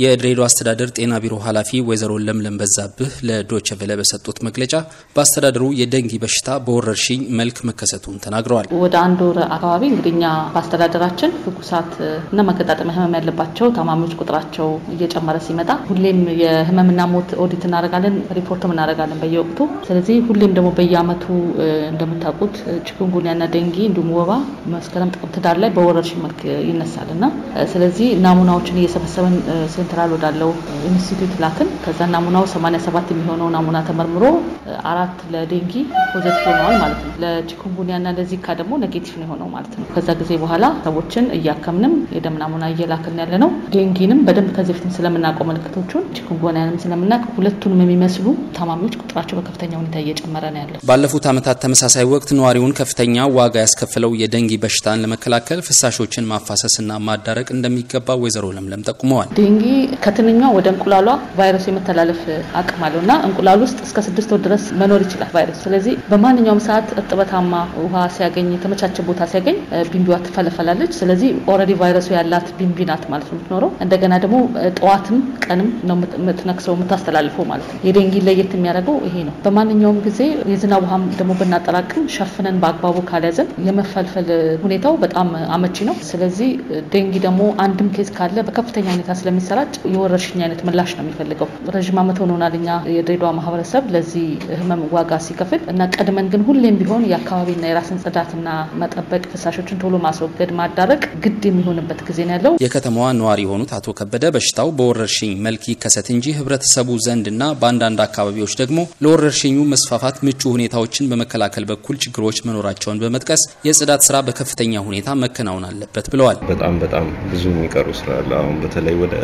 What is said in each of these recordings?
የድሬዳዋ አስተዳደር ጤና ቢሮ ኃላፊ ወይዘሮ ለምለም በዛብህ ለዶቸ ቬለ በሰጡት መግለጫ በአስተዳደሩ የደንጊ በሽታ በወረርሽኝ መልክ መከሰቱን ተናግረዋል። ወደ አንድ ወር አካባቢ እንግዲህ እኛ በአስተዳደራችን ትኩሳት እና መገጣጠሚያ ህመም ያለባቸው ታማሚዎች ቁጥራቸው እየጨመረ ሲመጣ ሁሌም የህመምና ሞት ኦዲት እናደርጋለን፣ ሪፖርትም እናደርጋለን በየወቅቱ። ስለዚህ ሁሌም ደግሞ በየአመቱ እንደምታውቁት ቺኩንጉንያና ደንጊ እንዲሁም ወባ መስከረም ጥቅምት ላይ በወረርሽኝ መልክ ይነሳልና ስለዚህ ናሙናዎችን እየሰበሰበን ሴንትራል ወዳለው ኢንስቲትዩት ላክን። ከዛ ናሙናው 87 የሚሆነው ናሙና ተመርምሮ አራት ለዴንጊ ፖዘቲቭ ሆነዋል ማለት ነው። ለቺኩንጉኒያ ና ለዚካ ደግሞ ኔጌቲቭ ነው የሆነው ማለት ነው። ከዛ ጊዜ በኋላ ሰዎችን እያከምንም የደም ናሙና እየላክን ያለ ነው። ዴንጊንም በደንብ ከዚህ በፊትም ስለምናውቀው ምልክቶቹን፣ ቺኩንጉኒያንም ስለምናውቅ ሁለቱንም የሚመስሉ ታማሚዎች ቁጥራቸው በከፍተኛ ሁኔታ እየጨመረ ነው ያለው። ባለፉት ዓመታት ተመሳሳይ ወቅት ነዋሪውን ከፍተኛ ዋጋ ያስከፍለው የደንጊ በሽታን ለመከላከል ፍሳሾችን ማፋሰስና ማዳረቅ እንደሚገባ ወይዘሮ ለምለም ጠቁመዋል። ዴንጊ ከትንኛ ወደ እንቁላሏ ቫይረሱ የመተላለፍ አቅም አለው እና እንቁላል ውስጥ እስከ ስድስት ወር ድረስ መኖር ይችላል ቫይረሱ። ስለዚህ በማንኛውም ሰዓት እርጥበታማ ውሃ ሲያገኝ፣ የተመቻቸ ቦታ ሲያገኝ ቢንቢዋ ትፈለፈላለች። ስለዚህ ኦልሬዲ ቫይረሱ ያላት ቢንቢ ናት ማለት ነው የምትኖረው። እንደገና ደግሞ ጠዋትም ቀንም ነው የምትነክሰው የምታስተላልፈው ማለት ነው። የደንጊ ለየት የሚያደርገው ይሄ ነው። በማንኛውም ጊዜ የዝናብ ውሃም ደግሞ ብናጠራቅም ሸፍነን በአግባቡ ካልያዘን የመፈልፈል ሁኔታው በጣም አመቺ ነው። ስለዚህ ደንጊ ደግሞ አንድም ኬዝ ካለ በከፍተኛ ሁኔታ ስለሚሰራ አማራጭ የወረርሽኝ አይነት ምላሽ ነው የሚፈልገው። ረዥም ዓመት ሆኖናል እኛ የድሬዳዋ ማህበረሰብ ለዚህ ህመም ዋጋ ሲከፍል እና ቀድመን ግን ሁሌም ቢሆን የአካባቢና የራስን ጽዳትና መጠበቅ ፍሳሾችን ቶሎ ማስወገድ ማዳረቅ ግድ የሚሆንበት ጊዜ ነው ያለው። የከተማዋ ነዋሪ የሆኑት አቶ ከበደ በሽታው በወረርሽኝ መልክ ይከሰት እንጂ ህብረተሰቡ ዘንድና በአንዳንድ አካባቢዎች ደግሞ ለወረርሽኙ መስፋፋት ምቹ ሁኔታዎችን በመከላከል በኩል ችግሮች መኖራቸውን በመጥቀስ የጽዳት ስራ በከፍተኛ ሁኔታ መከናወን አለበት ብለዋል። በጣም በጣም ብዙ የሚቀሩ ስራ አለ። አሁን በተለይ ወደ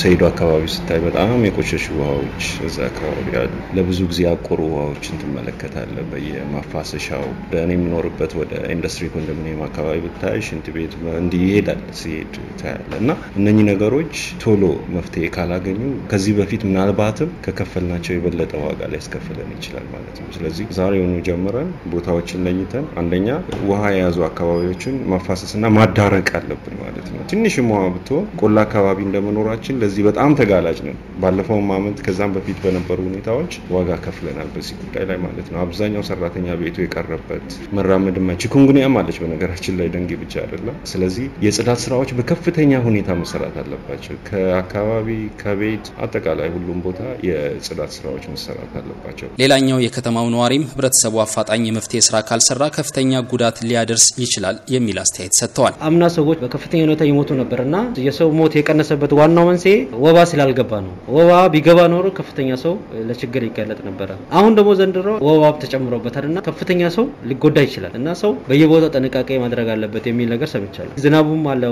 ሰይዶ አካባቢ ስታይ በጣም የቆሸሹ ውሃዎች እዛ አካባቢ አሉ። ለብዙ ጊዜ ያቆሩ ውሃዎችን ትመለከታለ በየማፋሰሻው። እኔ የምኖርበት ወደ ኢንዱስትሪ ኮንዶሚኒየም አካባቢ ብታይ ሽንት ቤት እንዲህ ይሄዳል ሲሄድ ታያለ። እና እነኚህ ነገሮች ቶሎ መፍትሄ ካላገኙ ከዚህ በፊት ምናልባትም ከከፈልናቸው የበለጠ ዋጋ ሊያስከፍለን ይችላል ማለት ነው። ስለዚህ ዛሬውኑ ጀምረን ቦታዎችን ለይተን አንደኛ ውሃ የያዙ አካባቢዎችን ማፋሰስና ማዳረቅ አለብን ማለት ነው። ትንሽም ውሃ ብትሆን ቆላ አካባቢ እንደምኖ መኖራችን ለዚህ በጣም ተጋላጭ ነን። ባለፈውም አመት ከዛም በፊት በነበሩ ሁኔታዎች ዋጋ ከፍለናል፣ በዚህ ጉዳይ ላይ ማለት ነው። አብዛኛው ሰራተኛ ቤቱ የቀረበት መራመድ ማ ቺኩንጉኒያም አለች በነገራችን ላይ ደንጌ ብቻ አይደለም። ስለዚህ የጽዳት ስራዎች በከፍተኛ ሁኔታ መሰራት አለባቸው። ከአካባቢ ከቤት አጠቃላይ ሁሉም ቦታ የጽዳት ስራዎች መሰራት አለባቸው። ሌላኛው የከተማው ነዋሪም ህብረተሰቡ አፋጣኝ የመፍትሄ ስራ ካልሰራ ከፍተኛ ጉዳት ሊያደርስ ይችላል የሚል አስተያየት ሰጥተዋል። አምና ሰዎች በከፍተኛ ሁኔታ ይሞቱ ነበርና የሰው ሞት የቀነሰበት ዋ ዋናው መንስኤ ወባ ስላልገባ ነው። ወባ ቢገባ ኖሮ ከፍተኛ ሰው ለችግር ይጋለጥ ነበረ። አሁን ደግሞ ዘንድሮ ወባ ተጨምሮበታል እና ከፍተኛ ሰው ሊጎዳ ይችላል እና ሰው በየቦታው ጥንቃቄ ማድረግ አለበት የሚል ነገር ሰምቻለሁ። ዝናቡም አለ፣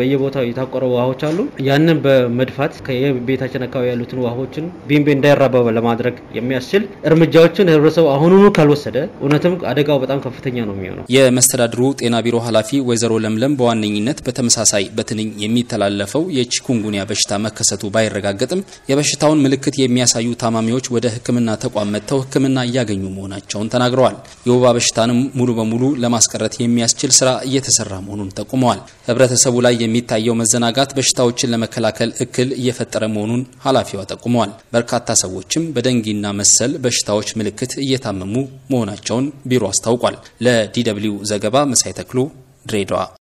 በየቦታው የታቆረ ውሃዎች አሉ። ያንን በመድፋት ከቤታችን አካባቢ ያሉትን ውሃዎችን ቢንቤ እንዳይራባ ለማድረግ የሚያስችል እርምጃዎችን ህብረተሰቡ አሁኑኑ ካልወሰደ እውነትም አደጋው በጣም ከፍተኛ ነው የሚሆነው። የመስተዳድሩ ጤና ቢሮ ኃላፊ ወይዘሮ ለምለም በዋነኝነት በተመሳሳይ በትንኝ የሚተላለፈው የቺኩንጉን የኒሞኒያ በሽታ መከሰቱ ባይረጋገጥም የበሽታውን ምልክት የሚያሳዩ ታማሚዎች ወደ ሕክምና ተቋም መጥተው ሕክምና እያገኙ መሆናቸውን ተናግረዋል። የወባ በሽታንም ሙሉ በሙሉ ለማስቀረት የሚያስችል ስራ እየተሰራ መሆኑን ጠቁመዋል። ህብረተሰቡ ላይ የሚታየው መዘናጋት በሽታዎችን ለመከላከል እክል እየፈጠረ መሆኑን ኃላፊዋ ጠቁመዋል። በርካታ ሰዎችም በደንጊና መሰል በሽታዎች ምልክት እየታመሙ መሆናቸውን ቢሮ አስታውቋል። ለዲ ዘገባ መሳይ ተክሉ ድሬዳዋ